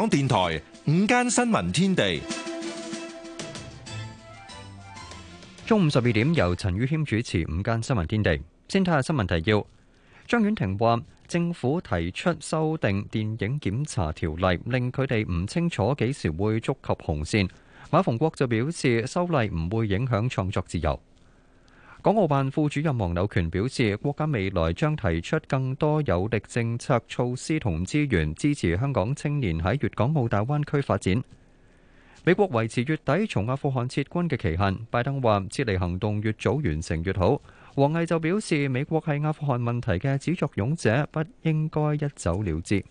港電台午間新聞天地，中午十二點由陳宇謙主持《午間新聞天地》。先睇下新聞提要。張婉婷話，政府提出修訂電影檢查條例，令佢哋唔清楚幾時會觸及紅線。馬逢國就表示，修例唔會影響創作自由。港澳辦副主任黃柳權表示，國家未來將提出更多有力政策措施同資源，支持香港青年喺粵港澳大灣區發展。美國維持月底從阿富汗撤軍嘅期限，拜登話撤離行動越早完成越好。王毅就表示，美國係阿富汗問題嘅始作俑者，不應該一走了之。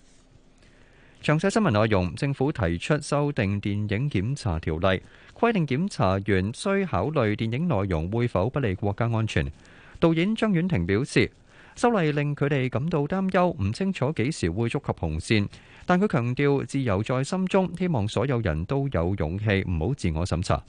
詳細新聞內容，政府提出修訂電影檢查條例，規定檢查員需考慮電影內容會否不利國家安全。導演張婉婷表示，修例令佢哋感到擔憂，唔清楚幾時會觸及紅線，但佢強調自由在心中，希望所有人都有勇氣，唔好自我審查。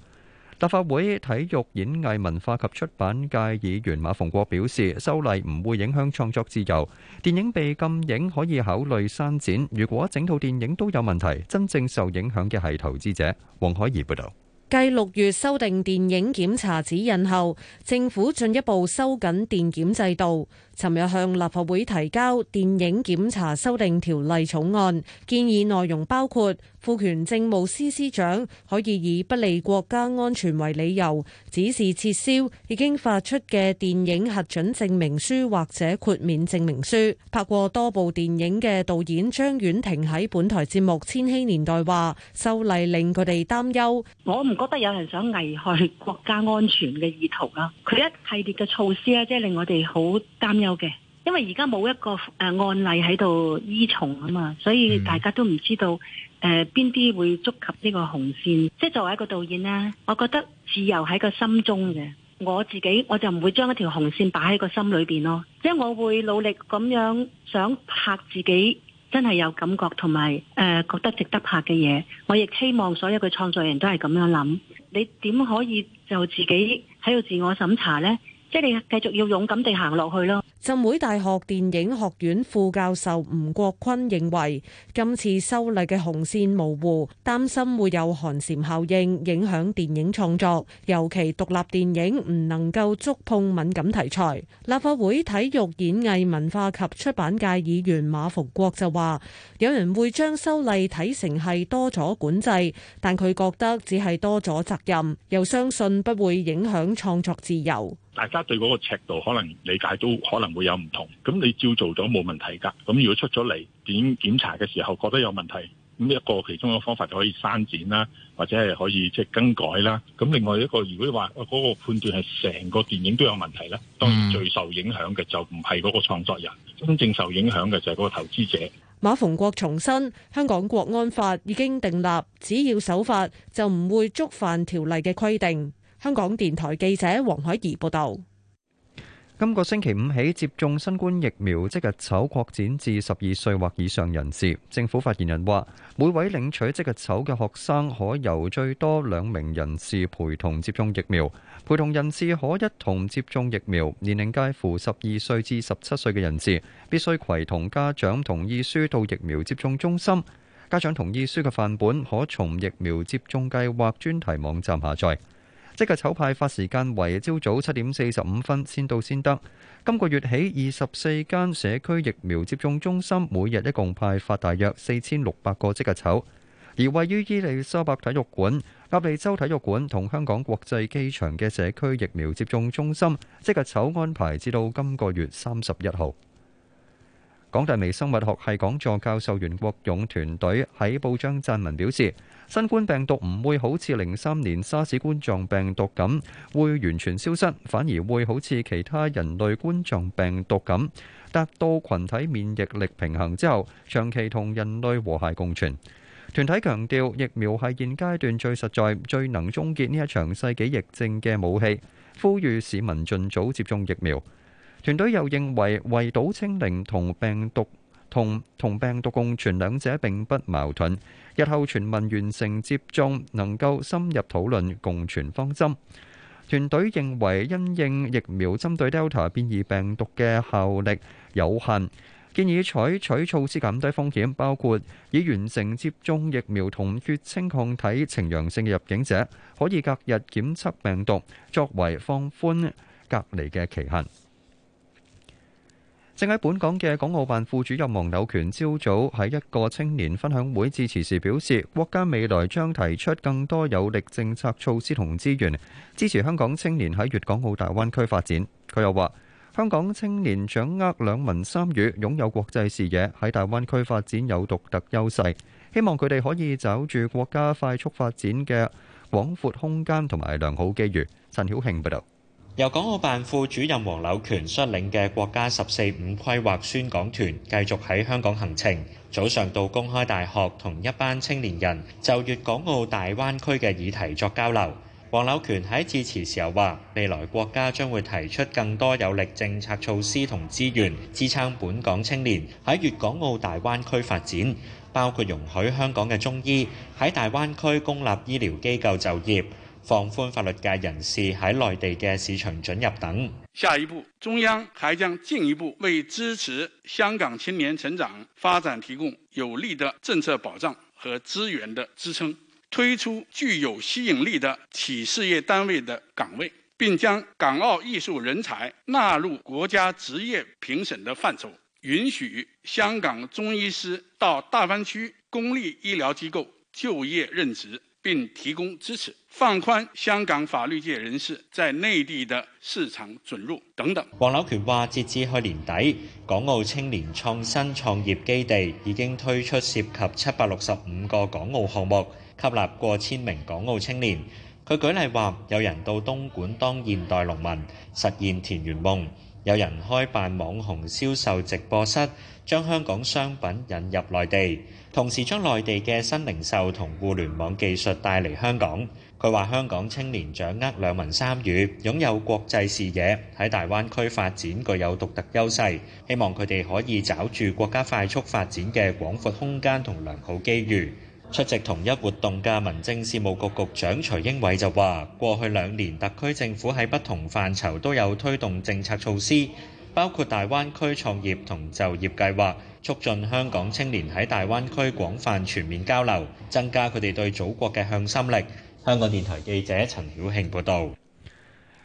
立法會體育演藝文化及出版界議員馬逢國表示，修例唔會影響創作自由，電影被禁影可以考慮刪剪。如果整套電影都有問題，真正受影響嘅係投資者。黃海怡報導。繼六月修訂電影檢查指引後，政府進一步收緊電檢制度。尋日向立法會提交電影檢查修訂條例草案，建議內容包括，賦權政務司司長可以以不利國家安全為理由，指示撤銷已經發出嘅電影核准證明書或者豁免證明書。拍過多部電影嘅導演張婉婷喺本台節目《千禧年代》話，修例令佢哋擔憂，我唔覺得有人想危害國家安全嘅意圖啊。佢一系列嘅措施啊，即係令我哋好擔憂。Okay. 因為而家冇一個誒案例喺度依從啊嘛，所以大家都唔知道誒邊啲會觸及呢個紅線。即係作為一個導演咧，我覺得自由喺個心中嘅，我自己我就唔會將一條紅線擺喺個心裏邊咯。即係我會努力咁樣想拍自己真係有感覺同埋誒覺得值得拍嘅嘢。我亦希望所有嘅創作人都係咁樣諗。你點可以就自己喺度自我審查咧？即係你繼續要勇敢地行落去咯。浸會大學電影學院副教授吳國坤認為，今次修例嘅紅線模糊，擔心會有寒蟬效應，影響電影創作，尤其獨立電影唔能夠觸碰敏感題材。立法會體育、演藝、文化及出版界議員馬逢國就話，有人會將修例睇成係多咗管制，但佢覺得只係多咗責任，又相信不會影響創作自由。大家對嗰個尺度可能理解都可能會有唔同，咁你照做咗冇問題噶。咁如果出咗嚟，電影檢查嘅時候覺得有問題，咁一個其中一個方法就可以刪剪啦，或者係可以即係更改啦。咁另外一個，如果話嗰個判斷係成個電影都有問題咧，當然最受影響嘅就唔係嗰個創作人，真正受影響嘅就係嗰個投資者。馬逢國重申，香港國安法已經訂立，只要守法就唔會觸犯條例嘅規定。香港電台記者黃海怡報道：今個星期五起，接種新冠疫苗即日籌擴展至十二歲或以上人士。政府發言人話，每位領取即日籌嘅學生可由最多兩名人士陪同接種疫苗。陪同人士可一同接種疫苗，年齡介乎十二歲至十七歲嘅人士必須攜同家長同意書到疫苗接種中心。家長同意書嘅範本可從疫苗接種計劃專題網站下載。即日籌派發時間為朝早七點四十五分，先到先得。今個月起，二十四間社區疫苗接種中心每日一共派發大約四千六百個即日籌，而位於伊利沙伯體育館、鴨脷洲體育館同香港國際機場嘅社區疫苗接種中心，即日籌安排至到今個月三十一號。港大微生物學系講座教授袁國勇團隊喺報章撰文表示，新冠病毒唔會好似零三年沙士冠狀病毒咁會完全消失，反而會好似其他人類冠狀病毒咁，達到群體免疫力平衡之後長期同人類和諧共存。團體強調疫苗係現階段最實在、最能終結呢一場世紀疫症嘅武器，呼籲市民盡早接種疫苗。團隊又認為，圍堵清零同病毒同同病毒共存兩者並不矛盾。日後全民完成接種，能夠深入討論共存方針。團隊認為，因應疫苗針對 Delta 變異病毒嘅效力有限，建議採取措施減低風險，包括已完成接種疫苗同血清抗體呈陽性嘅入境者可以隔日檢測病毒，作為放寬隔離嘅期限。正喺本港嘅港澳辦副主任黃柳權朝早喺一個青年分享會致辭時表示，國家未來將提出更多有力政策措施同資源，支持香港青年喺粵港澳大灣區發展。佢又話，香港青年掌握兩文三語，擁有國際視野，喺大灣區發展有獨特優勢。希望佢哋可以抓住國家快速發展嘅廣闊空間同埋良好機遇。陳曉慶報道。由港澳辦副主任黃柳權率領嘅國家十四五規劃宣講團繼續喺香港行程，早上到公開大學同一班青年人就粵港澳大灣區嘅議題作交流。黃柳權喺致辭時候話：未來國家將會提出更多有力政策措施同資源，支撐本港青年喺粵港澳大灣區發展，包括容許香港嘅中醫喺大灣區公立醫療機構就業。放寬法律界人士喺內地嘅市場准入等。下一步，中央還將進一步為支持香港青年成長發展提供有力的政策保障和資源的支撐，推出具有吸引力的企事業單位的崗位，並將港澳藝術人才納入國家職業評審的範疇，允許香港中醫師到大灣區公立醫療機構就業任職。並提供支持，放寬香港法律界人士在內地的市場准入等等。黃柳權話，截至去年底，港澳青年創新創業基地已經推出涉及七百六十五個港澳項目，吸納過千名港澳青年。佢舉例話，有人到東莞當現代農民，實現田園夢，有人開辦網紅銷售直播室，將香港商品引入內地。同時將內地嘅新零售同互聯網技術帶嚟香港。佢話香港青年掌握兩文三語，擁有國際視野，喺大灣區發展具有獨特優勢。希望佢哋可以找住國家快速發展嘅廣闊空間同良好機遇。出席同一活動嘅民政事務局局長徐英偉就話，過去兩年特區政府喺不同範疇都有推動政策措施。包括大灣區創業同就業計劃，促進香港青年喺大灣區廣泛全面交流，增加佢哋對祖國嘅向心力。香港電台記者陳曉慶報道。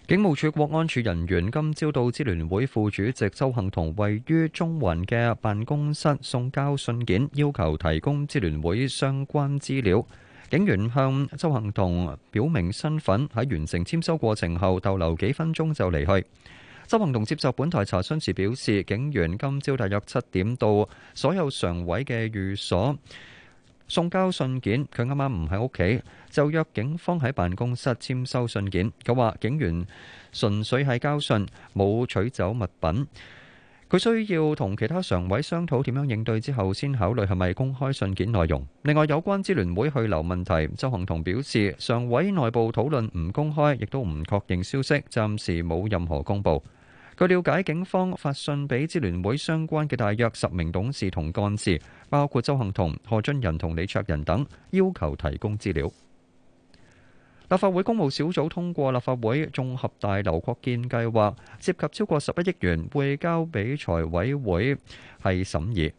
警務處國安處人員今朝到支聯會副主席周幸彤位於中環嘅辦公室送交信件，要求提供支聯會相關資料。警員向周幸彤表明身份，喺完成簽收過程後逗留幾分鐘就離去。周恆同接受本台查詢時表示，警員今朝大約七點到所有常委嘅寓所送交信件。佢啱啱唔喺屋企，就約警方喺辦公室簽收信件。佢話警員純粹係交信，冇取走物品。佢需要同其他常委商討點樣應對之後，先考慮係咪公開信件內容。另外，有關支聯會去留問題，周恆同表示，常委內部討論唔公開，亦都唔確認消息，暫時冇任何公佈。據瞭解，警方發信俾支聯會相關嘅大約十名董事同幹事，包括鄒幸彤、何俊仁同李卓人等，要求提供資料。立法會公務小組通過立法會綜合大樓擴建計劃，涉及超過十一億元，會交俾財委會係審議。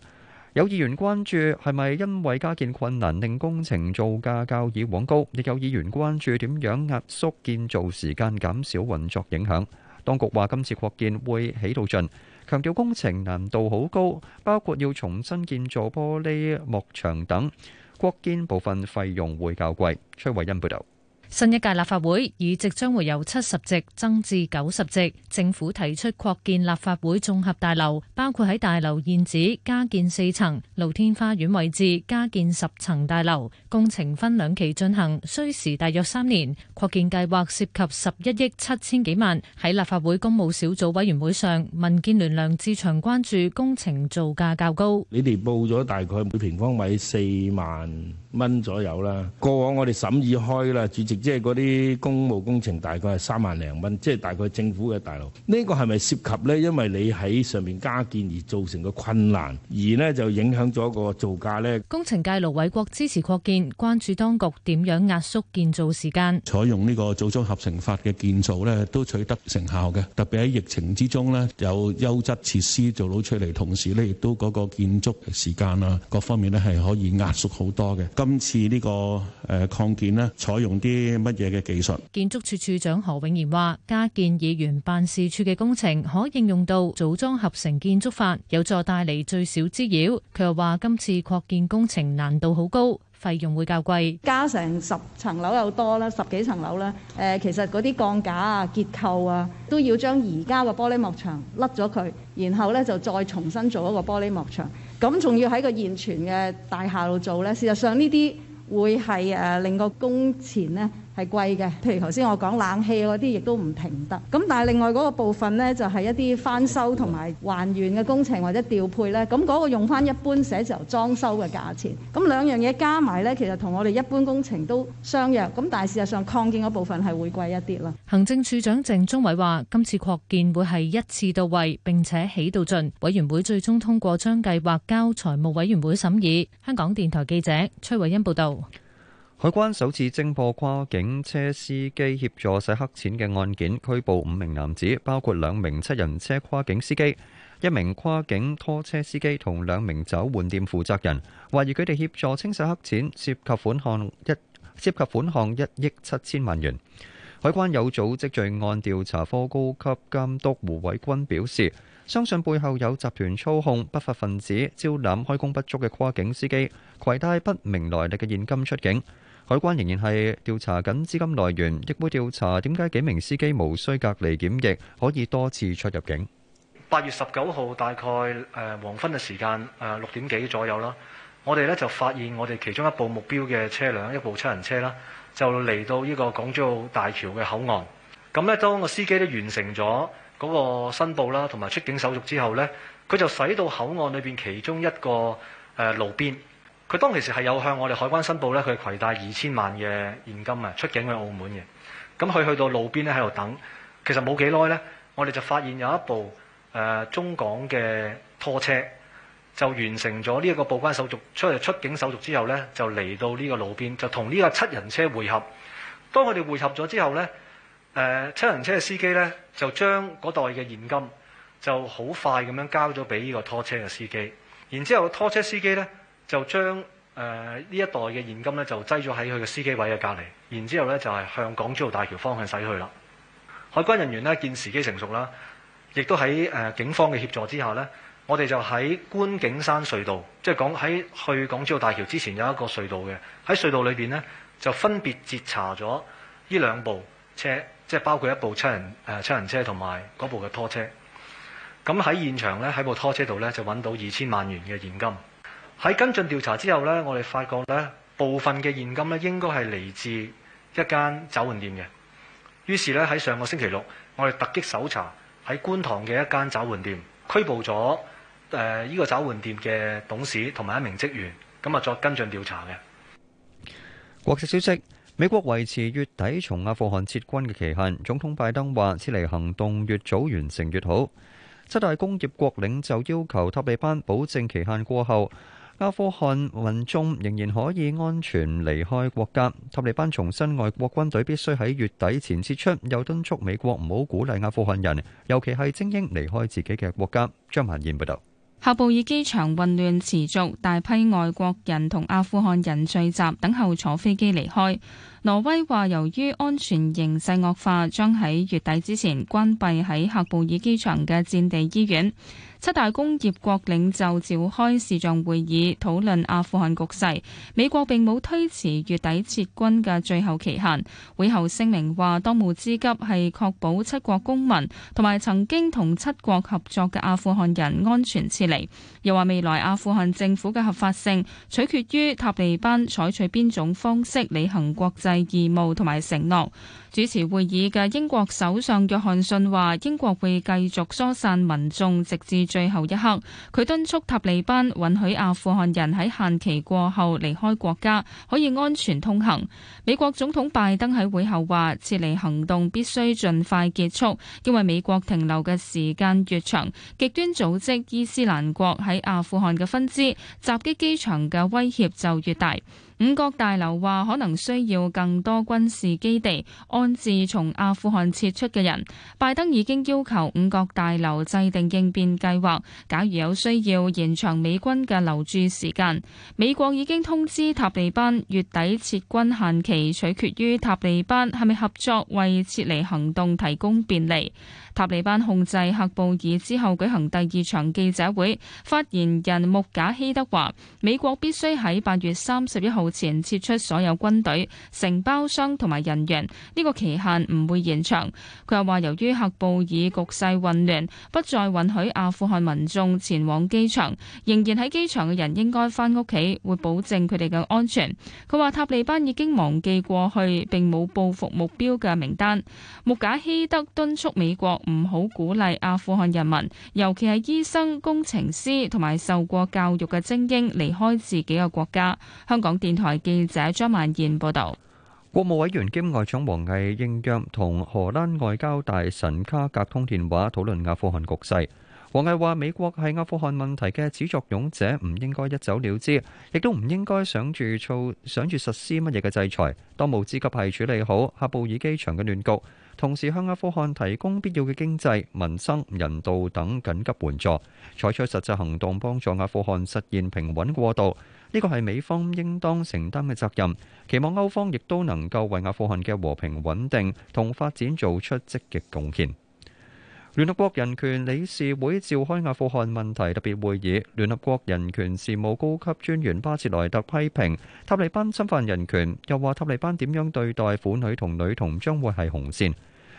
有議員關注係咪因為加建困難令工程造價較以往高，亦有議員關注點樣壓縮建造時間，減少運作影響。當局話今次擴建會起到盡，強調工程難度好高，包括要重新建造玻璃幕牆等，擴建部分費用會較貴。崔慧欣報導。新一屆立法會議席將會由七十席增至九十席，政府提出擴建立法會綜合大樓，包括喺大樓現址加建四層露天花園位置，加建十層大樓，工程分兩期進行，需時大約三年。擴建計劃涉及十一億七千幾萬。喺立法會公務小組委員會上，民建聯梁志祥關注工程造價較高。你哋報咗大概每平方米四萬蚊左右啦。過往我哋審議開啦，主席。即係嗰啲公務工程大概係三萬零蚊，即係大概政府嘅大樓。呢個係咪涉及咧？因為你喺上面加建而造成嘅困難，而咧就影響咗個造價咧。工程界盧偉國支持擴建，關注當局點樣壓縮建造時間。採用呢個組裝合成法嘅建造咧，都取得成效嘅。特別喺疫情之中咧，有優質設施做到出嚟，同時咧亦都嗰個建築嘅時間啦，各方面咧係可以壓縮好多嘅。今次呢個誒擴建咧，採用啲。乜嘢嘅技術？建築署署長何永賢話：加建議員辦事處嘅工程可應用到組裝合成建築法，有助帶嚟最少滋擾。佢又話：今次擴建工程難度好高，費用會較貴。加成十層樓有多啦，十幾層樓啦。誒、呃，其實嗰啲鋼架啊、結構啊，都要將而家嘅玻璃幕牆甩咗佢，然後咧就再重新做一個玻璃幕牆。咁仲要喺個現存嘅大廈度做咧，事實上呢啲。會係誒令個工錢咧。係貴嘅，譬如頭先我講冷氣嗰啲，亦都唔停得。咁但係另外嗰個部分呢，就係、是、一啲翻修同埋還原嘅工程或者調配呢。咁嗰個用翻一般寫字樓裝修嘅價錢。咁兩樣嘢加埋呢，其實同我哋一般工程都相若。咁但係事實上擴建嗰部分係會貴一啲啦。行政處長鄭中偉話：今次擴建會係一次到位並且起到盡。委員會最終通過將計劃交財務委員會審議。香港電台記者崔偉恩報道。海關首次偵破跨境車司機協助洗黑錢嘅案件，拘捕五名男子，包括兩名七人車跨境司機、一名跨境拖車司機同兩名找換店負責人，懷疑佢哋協助清洗黑錢，涉及款項一涉及款項一億七千萬元。海關有組織罪案調查科高級監督胡偉軍表示，相信背後有集團操控不法分子招攬開工不足嘅跨境司機，攜帶不明來歷嘅現金出境。海關仍然係調查緊資金來源，亦會調查點解幾名司機無需隔離檢疫，可以多次出入境。八月十九號大概誒黃昏嘅時間，誒六點幾左右啦，我哋咧就發現我哋其中一部目標嘅車輛，一部七人車啦，就嚟到呢個港珠澳大橋嘅口岸。咁咧，當個司機咧完成咗嗰個申報啦，同埋出境手續之後咧，佢就駛到口岸裏邊其中一個路邊。佢當其時係有向我哋海關申報咧，佢係攜帶二千萬嘅現金啊出境去澳門嘅。咁佢去到路邊咧喺度等，其實冇幾耐咧，我哋就發現有一部誒、呃、中港嘅拖車就完成咗呢一個報關手續出嚟出境手續之後咧，就嚟到呢個路邊就同呢個七人車匯合。當佢哋匯合咗之後咧，誒七人車嘅司機咧就將嗰袋嘅現金就好快咁樣交咗俾呢個拖車嘅司機，然之後拖車司機咧，就將誒呢一袋嘅現金咧，就擠咗喺佢嘅司機位嘅隔離，然之後咧就係向港珠澳大橋方向駛去啦。海關人員咧見時機成熟啦，亦都喺、呃、警方嘅協助之下咧，我哋就喺觀景山隧道，即係講喺去港珠澳大橋之前有一個隧道嘅，喺隧道裏面咧，就分別截查咗呢兩部車，即係包括一部七人誒、呃、七人車同埋嗰部嘅拖車。咁喺現場咧，喺部拖車度咧就揾到二千萬元嘅現金。喺跟進調查之後呢，我哋發覺呢部分嘅現金呢，應該係嚟自一間找換店嘅。於是呢喺上個星期六，我哋突擊搜查喺觀塘嘅一間找換店，拘捕咗誒呢個找換店嘅董事同埋一名職員，咁啊作跟進調查嘅。國際消息：美國維持月底從阿富汗撤軍嘅期限。總統拜登話：撤離行動越早完成越好。七大工業國領袖要求塔利班保證期限過後。阿富汗民眾仍然可以安全離開國家。塔利班重申外國軍隊必須喺月底前撤出，又敦促美國唔好鼓勵阿富汗人，尤其係精英離開自己嘅國家。張曼燕報道，喀布爾機場混亂持續，大批外國人同阿富汗人聚集等候坐飛機離開。挪威話，由於安全形勢惡化，將喺月底之前關閉喺喀布爾機場嘅戰地醫院。七大工業國領袖召開視像會議討論阿富汗局勢，美國並冇推遲月底撤軍嘅最後期限。會後聲明話，當務之急係確保七國公民同埋曾經同七國合作嘅阿富汗人安全撤離。又話未來阿富汗政府嘅合法性取決於塔利班採取邊種方式履行國際義務同埋承諾。主持會議嘅英國首相約翰遜話，英國會繼續疏散民眾，直至……最後一刻，佢敦促塔利班允許阿富汗人喺限期過後離開國家，可以安全通行。美國總統拜登喺會後話，撤離行動必須盡快結束，因為美國停留嘅時間越長，極端組織伊斯蘭國喺阿富汗嘅分支襲擊機場嘅威脅就越大。五角大樓話，可能需要更多軍事基地安置從阿富汗撤出嘅人。拜登已經要求五角大樓制定應變計劃，假如有需要延長美軍嘅留駐時間。美國已經通知塔利班，月底撤軍限期取決於塔利班係咪合作，為撤離行動提供便利。塔利班控制喀布爾之後舉行第二場記者會，發言人穆賈希德話：美國必須喺八月三十一號。目前撤出所有軍隊、承包商同埋人員，呢個期限唔會延長。佢又話，由於喀布爾局勢混亂，不再允許阿富汗民眾前往機場。仍然喺機場嘅人應該翻屋企，會保證佢哋嘅安全。佢話塔利班已經忘記過去，并冇報復目標嘅名單。穆賈希德敦促美國唔好鼓勵阿富汗人民，尤其係醫生、工程師同埋受過教育嘅精英離開自己嘅國家。香港電。台記者張曼燕報道，國務委員兼外長王毅應約同荷蘭外交大臣卡格通電話，討論阿富汗局勢。王毅話：美國係阿富汗問題嘅始作俑者，唔應該一走了之，亦都唔應該想住做、想住實施乜嘢嘅制裁。當務之急係處理好喀布爾機場嘅亂局，同時向阿富汗提供必要嘅經濟、民生、人道等緊急援助，採取實際行動幫助阿富汗實現平穩過渡。呢個係美方應當承擔嘅責任，期望歐方亦都能夠為阿富汗嘅和平穩定同發展做出積極貢獻。聯合國人權理事會召開阿富汗問題特別會議，聯合國人權事務高級專員巴切萊特批評塔利班侵犯人權，又話塔利班點樣對待婦女同女童將會係紅線。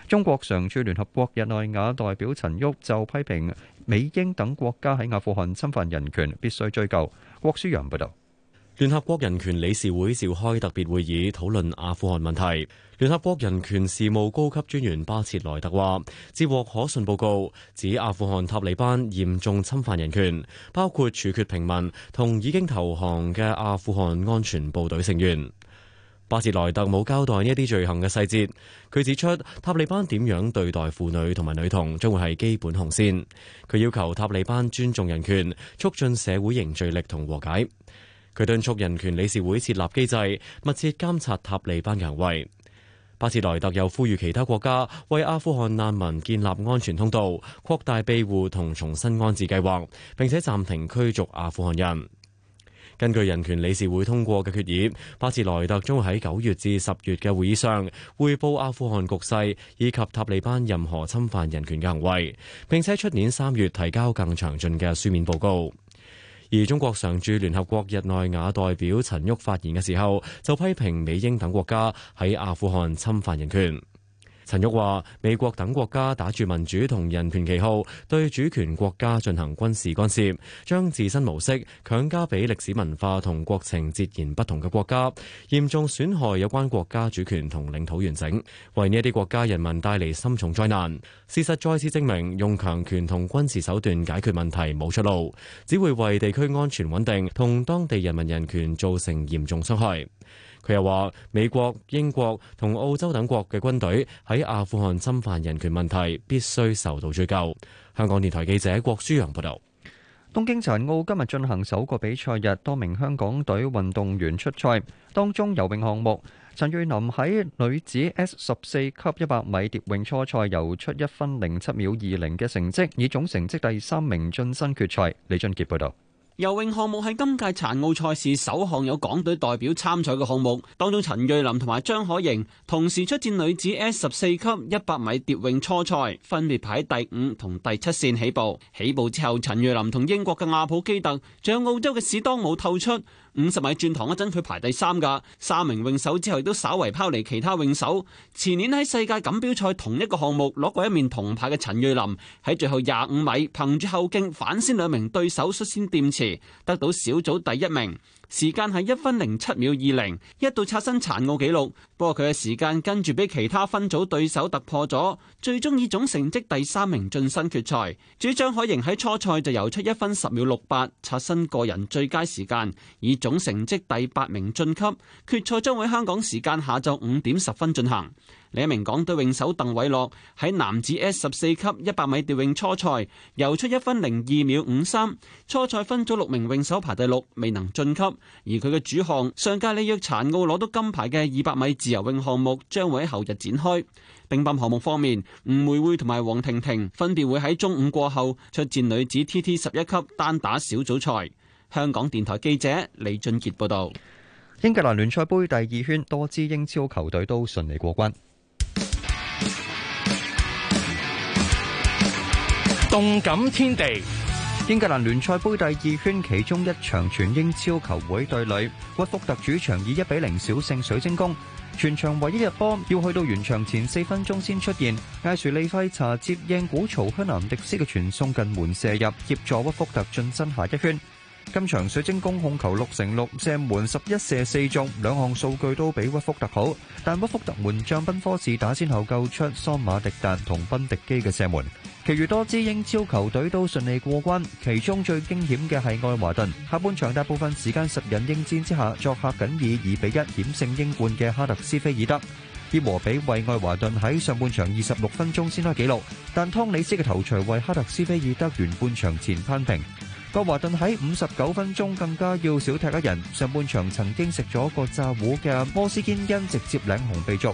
中國常駐聯合國日內瓦代表陳旭就批評美英等國家喺阿富汗侵犯人權，必須追究。郭舒揚報道，聯合國人權理事會召開特別會議，討論阿富汗問題。聯合國人權事務高級專員巴切萊特話，接獲可信報告，指阿富汗塔利班嚴重侵犯人權，包括處決平民同已經投降嘅阿富汗安全部隊成員。巴切萊特冇交代呢啲罪行嘅細節。佢指出，塔利班點樣對待婦女同埋女童，將會係基本紅線。佢要求塔利班尊重人權，促進社會凝聚力同和，和解。佢敦促人權理事會設立機制，密切監察塔利班嘅行為。巴切萊特又呼籲其他國家為阿富汗難民建立安全通道，擴大庇護同重新安置計劃，並且暫停驅逐阿富汗人。根據人權理事會通過嘅決議，巴茲萊特將會喺九月至十月嘅會議上，匯報阿富汗局勢以及塔利班任何侵犯人權嘅行為，並且出年三月提交更詳盡嘅書面報告。而中國常駐聯合國日內瓦代表陳旭發言嘅時候，就批評美英等國家喺阿富汗侵犯人權。陳玉話，美國等國家打住民主同人權旗號，對主權國家進行軍事干涉，將自身模式強加俾歷史文化同國情截然不同嘅國家，嚴重損害有關國家主權同領土完整，為呢一啲國家人民帶嚟深重災難。事實再次證明，用強權同軍事手段解決問題冇出路，只會為地區安全穩定同當地人民人權造成嚴重傷害。佢又話：美國、英國同澳洲等國嘅軍隊喺阿富汗侵犯人權問題必須受到追究。香港電台記者郭舒揚報道，東京殘奧今日進行首個比賽日，多名香港隊運動員出賽，當中游泳項目，陳睿琳喺女子 S 十四級一百米蝶泳初賽游出一分零七秒二零嘅成績，以總成績第三名晉身決賽。李俊傑報道。游泳項目係今屆殘奧賽事首項有港隊代表參賽嘅項目，當中陳瑞琳同埋張可盈同時出戰女子 S 十四級一百米蝶泳初賽，分別排喺第五同第七線起步。起步之後，陳瑞琳同英國嘅亞普基特，將澳洲嘅史多姆，透出。五十米轉塘嗰陣，佢排第三㗎。三名泳手之後都稍為拋離其他泳手。前年喺世界錦標賽同一個項目攞過一面銅牌嘅陳瑞琳，喺最後廿五米憑住後勁反先兩名對手率先掂池，得到小組第一名。時間係一分零七秒二零，一度刷新殘奧紀錄。不過佢嘅時間跟住俾其他分組對手突破咗，最終以總成績第三名晉身決賽。主張海瑩喺初賽就游出一分十秒六八，刷新個人最佳時間，以總成績第八名晉級。決賽將會喺香港時間下晝五點十分進行。另一名港隊泳手鄧偉樂喺男子 S 十四級一百米蝶泳初賽游出一分零二秒五三，初賽分組六名泳手排第六，未能晉級。而佢嘅主項，上屆里約殘奧攞到金牌嘅二百米自由泳項目，將會喺後日展開。乒乓項目方面，吳梅會同埋王婷婷，分別會喺中午過後出戰女子 TT 十一級單打小組賽。香港電台記者李俊傑報道。英格蘭聯賽杯第二圈，多支英超球隊都順利過關。動感天地，英格蘭聯賽盃第二圈其中一場全英超球會對壘，屈福特主場以一比零小勝水晶宮。全場唯一入波要去到完場前四分鐘先出現，艾殊利費查接應古曹香南迪斯嘅傳送近門射入，協助屈福特晉身下一圈。今場水晶宮控球六成六，射門十一射四中，兩項數據都比屈福特好，但屈福特門將賓科士打先後救出桑馬迪達同賓迪基嘅射門。其餘多支英超球隊都順利過關，其中最驚險嘅係愛華頓。下半場大部分時間十人應戰之下，作客僅以二比一險勝英冠嘅哈特斯菲爾德。伊禾比為愛華頓喺上半場二十六分鐘先開紀錄，但湯里斯嘅頭槌為哈特斯菲爾德完半場前扳平。愛華頓喺五十九分鐘更加要少踢一人，上半場曾經食咗個炸糊嘅摩斯堅因直接領紅被逐。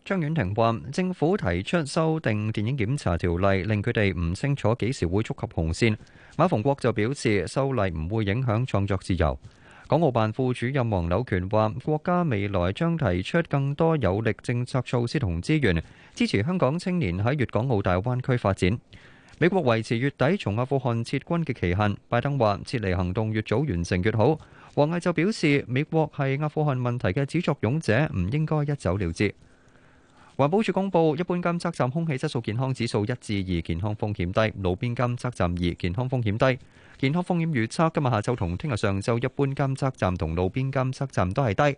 張婉婷話，政府提出修訂電影檢查條例，令佢哋唔清楚幾時會觸及紅線。馬逢國就表示，修例唔會影響創作自由。港澳辦副主任黃柳權話，國家未來將提出更多有力政策措施同資源，支持香港青年喺粵港澳大灣區發展。美國維持月底從阿富汗撤軍嘅期限，拜登話撤離行動越早完成越好。王毅就表示，美國係阿富汗問題嘅始作俑者，唔應該一走了之。環保署公布，一般監測站空氣質素健康指數一至二，健康風險低；路邊監測站二，健康風險低。健康風險預測今日下晝同聽日上晝，一般監測站同路邊監測站都係低。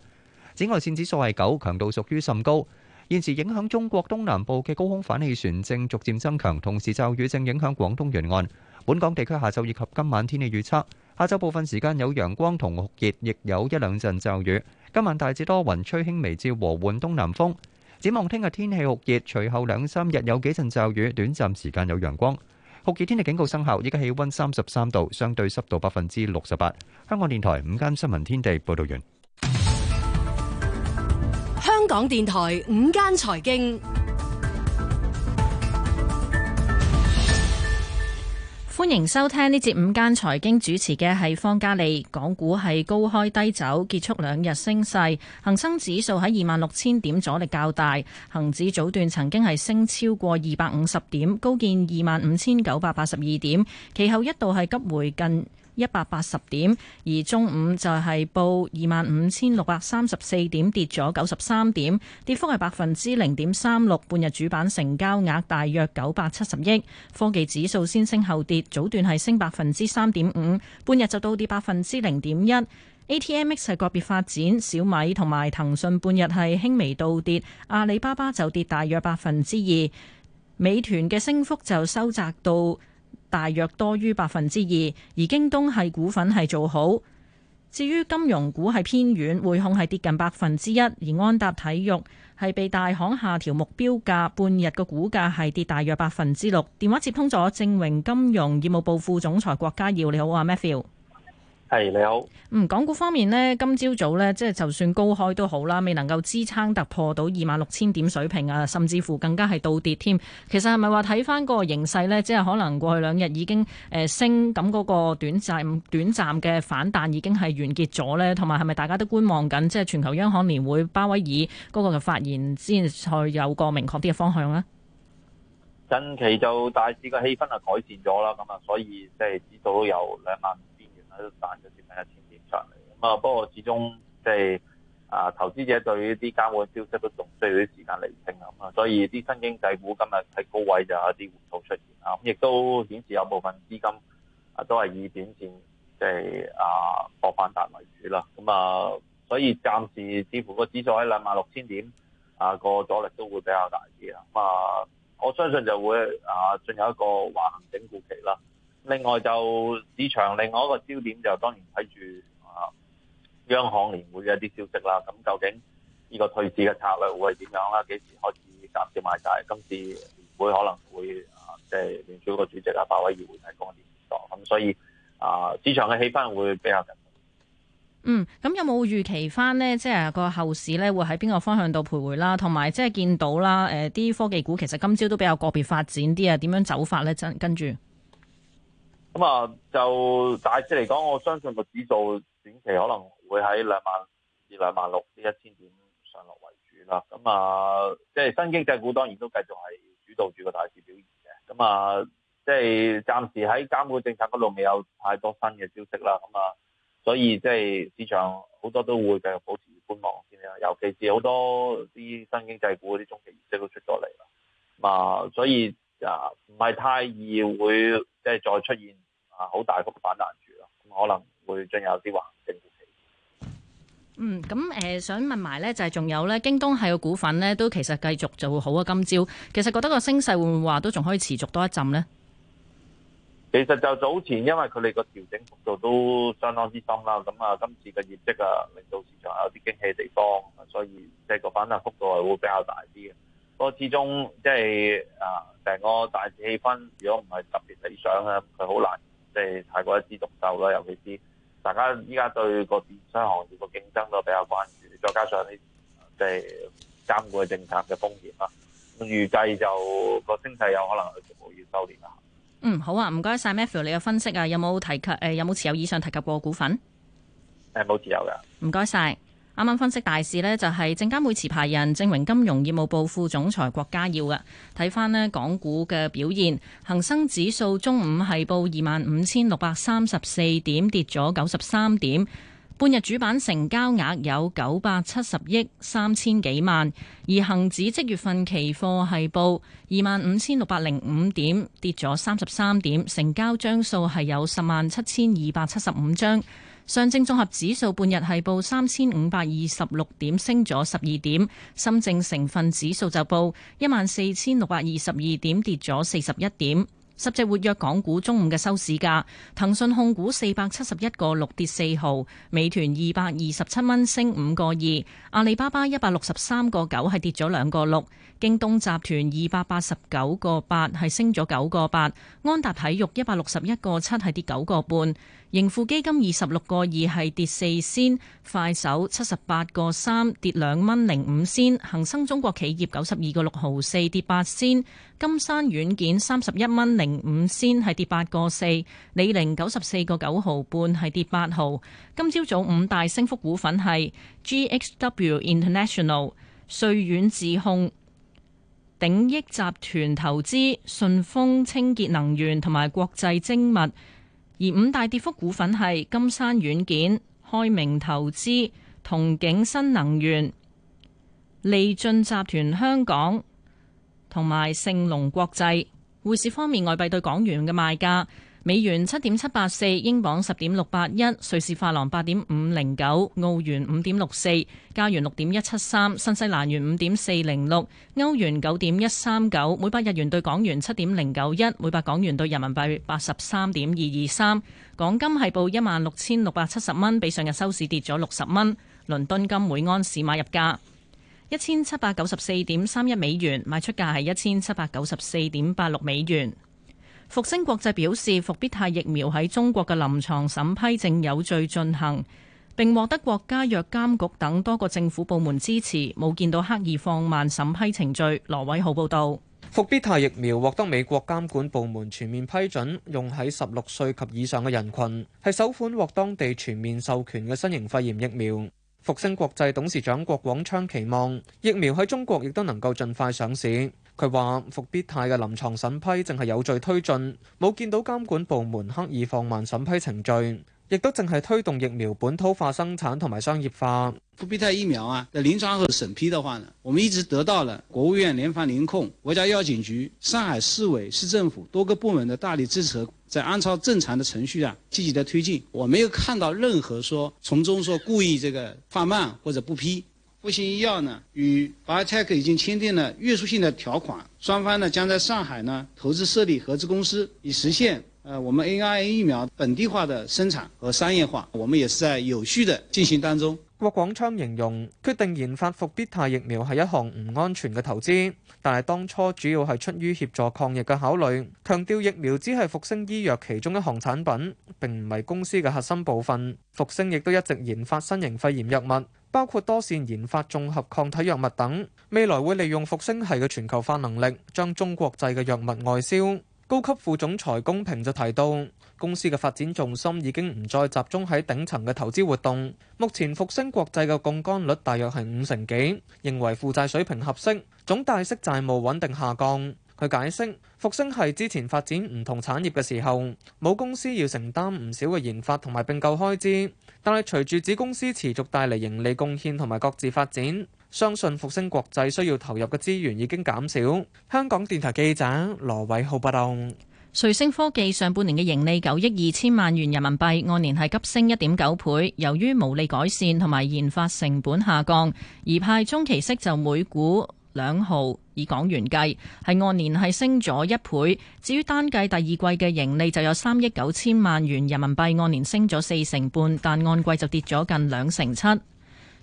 紫外線指數係九，強度屬於甚高。現時影響中國東南部嘅高空反氣旋正逐漸增強，同時驟雨正影響廣東沿岸。本港地區下晝以及今晚天氣預測：下晝部分時間有陽光同酷熱，亦有一兩陣驟雨；今晚大致多雲，吹輕微至和緩東南風。展望聽日天氣酷熱，隨後兩三日有幾陣驟雨，短暫時間有陽光。酷熱天氣警告生效，依家氣温三十三度，相對濕度百分之六十八。香港電台午間新聞天地報道完。香港電台午間財經。歡迎收聽呢節午間財經，主持嘅係方嘉利。港股係高開低走，結束兩日升勢。恒生指數喺二萬六千點阻力較大，恒指早段曾經係升超過二百五十點，高見二萬五千九百八十二點，其後一度係急回近一百八十點，而中午就係報二萬五千六百三十四點，跌咗九十三點，跌幅係百分之零點三六。半日主板成交額大約九百七十億。科技指數先升後跌，早段係升百分之三點五，半日就倒跌百分之零點一。ATMX 係個別發展，小米同埋騰訊半日係輕微倒跌，阿里巴巴就跌大約百分之二，美團嘅升幅就收窄到，大約多於百分之二，而京東係股份係做好。至於金融股係偏軟，匯控係跌近百分之一，而安踏體育係被大行下調目標價，半日嘅股價係跌大約百分之六。電話接通咗，正榮金融業務部副總裁郭家耀，你好啊，Matthew。係你好，嗯，港股方面呢，今朝早，早呢，即係就算高開都好啦，未能夠支撐突破到二萬六千點水平啊，甚至乎更加係倒跌添。其實係咪話睇翻個形勢呢？即係可能過去兩日已經誒升咁嗰個短暫短暫嘅反彈已經係完結咗呢？同埋係咪大家都觀望緊，即係全球央行年會鮑威爾嗰個嘅發言先去有個明確啲嘅方向呢？近期就大市嘅氣氛啊改善咗啦，咁啊，所以即係至少有兩萬。喺度賺咗接近一千點上嚟咁啊！不過始終即係啊，投資者對於啲監管消息都仲需要啲時間釐清咁啊，所以啲新經濟股今日喺高位就有啲回吐出現啊！咁亦都顯示有部分資金啊都係以短線即係啊博反彈為主啦。咁啊，所以暫時似乎個指數喺兩萬六千點啊個阻力都會比較大啲啊！咁啊，我相信就會啊進入一個橫盤整固期啦。另外就市場另外一個焦點就當然睇住啊央行年會嘅一啲消息啦。咁究竟呢個退市嘅策略會係點樣啦？幾時開始減少買債？今次年會可能會啊，即係聯儲個主席啊，鮑威爾會提供一啲指導。咁所以啊，市場嘅氣氛會比較緊。嗯，咁有冇預期翻呢？即係個後市咧會喺邊個方向度徘徊啦？同埋即係見到啦，誒，啲科技股其實今朝都比較個別發展啲啊，點樣走法咧？真跟住。咁啊，就大致嚟講，我相信個指數短期可能會喺兩萬至兩萬六至一千點上落為主啦。咁啊，即係新經濟股當然都繼續係主導住個大市表現嘅。咁啊，即係暫時喺監管政策嗰度未有太多新嘅消息啦。咁啊，所以即係市場好多都會繼續保持觀望先啦。尤其是好多啲新經濟股嗰啲中期業績都出咗嚟啦。啊，所以啊，唔係太易會。即係再出現啊，好大幅嘅反彈住咯，可能會進有啲橫升嘅氣。嗯，咁誒、呃、想問埋咧，就係、是、仲有咧，京東係個股份咧，都其實繼續就會好啊。今朝其實覺得個升勢會唔會話都仲可以持續多一陣咧？其實就早前，因為佢哋個調整幅度都相當之深啦，咁啊，今次嘅業績啊，令到市場有啲驚喜的地方，所以即係個反彈幅度係會比較大啲嘅。嗰個始終即係啊，成個大氣氛如果唔係特別理想啊，佢好難即係太過一枝獨秀啦。尤其是大家依家對個電商行業個競爭都比較關注，再加上你，即係監管政策嘅風險啦。預計就個升勢有可能全部要收斂啦。嗯，好啊，唔該晒 Matthew 你嘅分析啊，有冇提及？誒、呃，有冇持有以上提及過股份？誒，冇持有㗎。唔該晒。啱啱分析大市呢，就係證監會持牌人正榮金融業務部副總裁郭家耀啊。睇翻呢，港股嘅表現，恒生指數中午係報二萬五千六百三十四點，跌咗九十三點，半日主板成交額有九百七十億三千幾萬，而恒指即月份期貨係報二萬五千六百零五點，跌咗三十三點，成交張數係有十萬七千二百七十五張。上證綜合指數半日係報三千五百二十六點，升咗十二點。深證成分指數就報一萬四千六百二十二點，跌咗四十一點。十隻活躍港股中午嘅收市價：騰訊控股四百七十一個六跌四毫，美團二百二十七蚊升五個二，阿里巴巴一百六十三個九係跌咗兩個六；京東集團二百八十九個八係升咗九個八，安踏體育一百六十一個七係跌九個半。盈富基金二十六個二係跌四仙，快手七十八個三跌兩蚊零五仙，恒生中國企業九十二個六毫四跌八仙，金山軟件三十一蚊零五仙係跌八個四，李寧九十四個九毫半係跌八毫。今朝早五大升幅股份係 GHW International、瑞遠智控、鼎益集團投資、順風清潔能源同埋國際精密。而五大跌幅股份係金山軟件、開明投資、同景新能源、利駿集團香港同埋盛隆國際。匯市方面，外幣對港元嘅賣價。美元七點七八四，英鎊十點六八一，瑞士法郎八點五零九，澳元五點六四，加元六點一七三，新西蘭元五點四零六，歐元九點一三九，每百日元對港元七點零九一，每百港元對人民幣八十三點二二三。港金係報一萬六千六百七十蚊，比上日收市跌咗六十蚊。倫敦金每安士買入價一千七百九十四點三一美元，賣出價係一千七百九十四點八六美元。復星國際表示，復必泰疫苗喺中國嘅臨床審批正有序進行，並獲得國家藥監局等多個政府部門支持，冇見到刻意放慢審批程序。羅偉豪報道。復必泰疫苗獲得美國監管部門全面批准，用喺十六歲及以上嘅人群，係首款獲當地全面授權嘅新型肺炎疫苗。復星國際董事長郭廣昌期望疫苗喺中國亦都能夠盡快上市。佢話：復必泰嘅臨床審批正係有序推進，冇見到監管部門刻意放慢審批程序，亦都淨係推動疫苗本土化生產同埋商業化。復必泰疫苗啊，在臨床和審批的話呢，我們一直得到了國務院聯防聯控、國家藥監局、上海市委市政府多個部門的大力支持，在按照正常的程序啊，積極的推進，我沒有看到任何說從中說故意這個放慢或者不批。復星醫藥呢與 Bio-Tech 已經簽訂了約束性的條款，雙方呢將在上海呢投資設立合資公司，以實現，呃，我們 A I N 疫苗本地化的生產和商業化。我們也是在有序的進行當中。郭廣昌形容決定研發復必泰疫苗係一項唔安全嘅投資，但係當初主要係出於協助抗疫嘅考慮。強調疫苗只係復星醫藥其中一項產品，並唔係公司嘅核心部分。復星亦都一直研發新型肺炎藥物。包括多線研發綜合抗體藥物等，未來會利用復星系嘅全球化能力，將中國製嘅藥物外銷。高級副總裁龔平就提到，公司嘅發展重心已經唔再集中喺頂層嘅投資活動。目前復星國際嘅槓杆率大約係五成幾，認為負債水平合適，總大息債務穩定下降。佢解釋，復星係之前發展唔同產業嘅時候，母公司要承擔唔少嘅研發同埋並購開支。但係隨住子公司持續帶嚟盈利貢獻同埋各自發展，相信復星國際需要投入嘅資源已經減少。香港電台記者羅偉浩報道，瑞聲科技上半年嘅盈利九億二千萬元人民幣，按年係急升一點九倍。由於毛利改善同埋研發成本下降，而派中期息就每股兩毫以港元計，係按年係升咗一倍。至於單計第二季嘅盈利就有三億九千萬元人民幣，按年升咗四成半，但按季就跌咗近兩成七。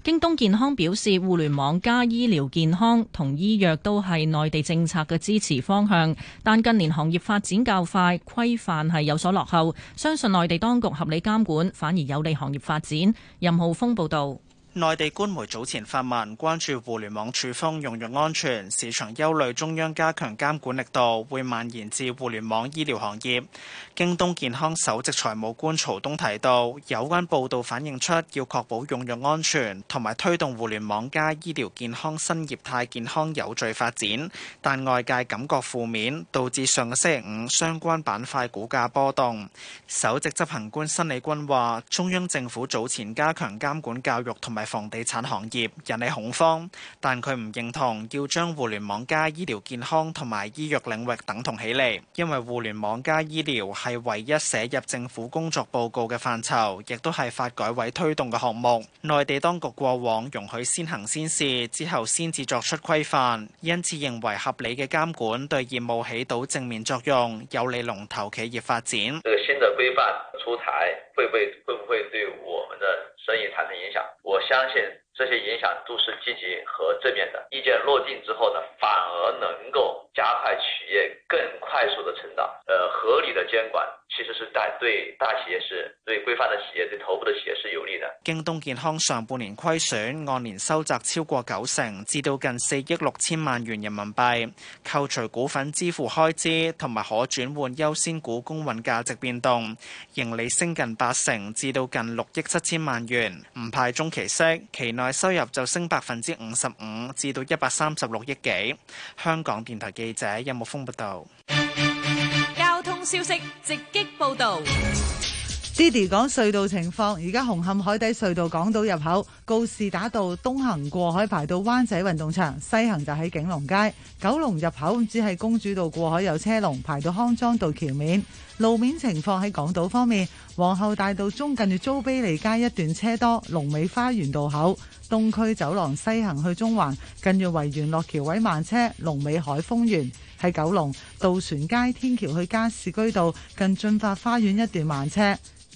京東健康表示，互聯網加醫療健康同醫藥都係內地政策嘅支持方向，但近年行業發展較快，規範係有所落後。相信內地當局合理監管，反而有利行業發展。任浩峰報導。內地官媒早前發文關注互聯網處方用藥安全，市場憂慮中央加強監管力度會蔓延至互聯網醫療行業。京東健康首席財務官曹東提到，有關報導反映出要確保用藥安全同埋推動互聯網加醫療健康新業態健康有序發展，但外界感覺負面，導致上個星期五相關板塊股價波動。首席執行官申理軍話：中央政府早前加強監管教育同埋。係房地產行業引起恐慌，但佢唔認同要將互聯網加醫療健康同埋醫藥領域等同起嚟，因為互聯網加醫療係唯一寫入政府工作報告嘅範疇，亦都係發改委推動嘅項目。內地當局過往容許先行先試，之後先至作出規範，因此認為合理嘅監管對業務起到正面作用，有利龍頭企業發展。這個新嘅規範出台，會不會會不會對我們的生意產生影響？我相信這些影響都是積極和正面的。意見落定之後呢，反而能夠加快企業更快速的成長。呃，合理的監管其實是在對大企業是對規範的企業對頭部的企業是有利的。京東健康上半年虧損，按年收窄超過九成，至到近四億六千萬元人民幣，扣除股份支付開支同埋可轉換優先股公允價值變動，盈利升近百。成至到近六億七千萬元，唔派中期息，期內收入就升百分之五十五，至到一百三十六億幾。香港電台記者任木峰報道。交通消息直擊報道 Diddy 講隧道情況，而家紅磡海底隧道港島入口告士打道東行過海排到灣仔運動場，西行就喺景隆街。九龍入口只係公主道過海有車龍排到康莊道橋面。路面情況喺港島方面，皇后大道中近住租庇利街一段車多，龍尾花園道口，東區走廊西行去中環，近住維園落橋位慢車，龍尾海峰園。喺九龍，渡船街天橋去加士居道近進發花園一段慢車。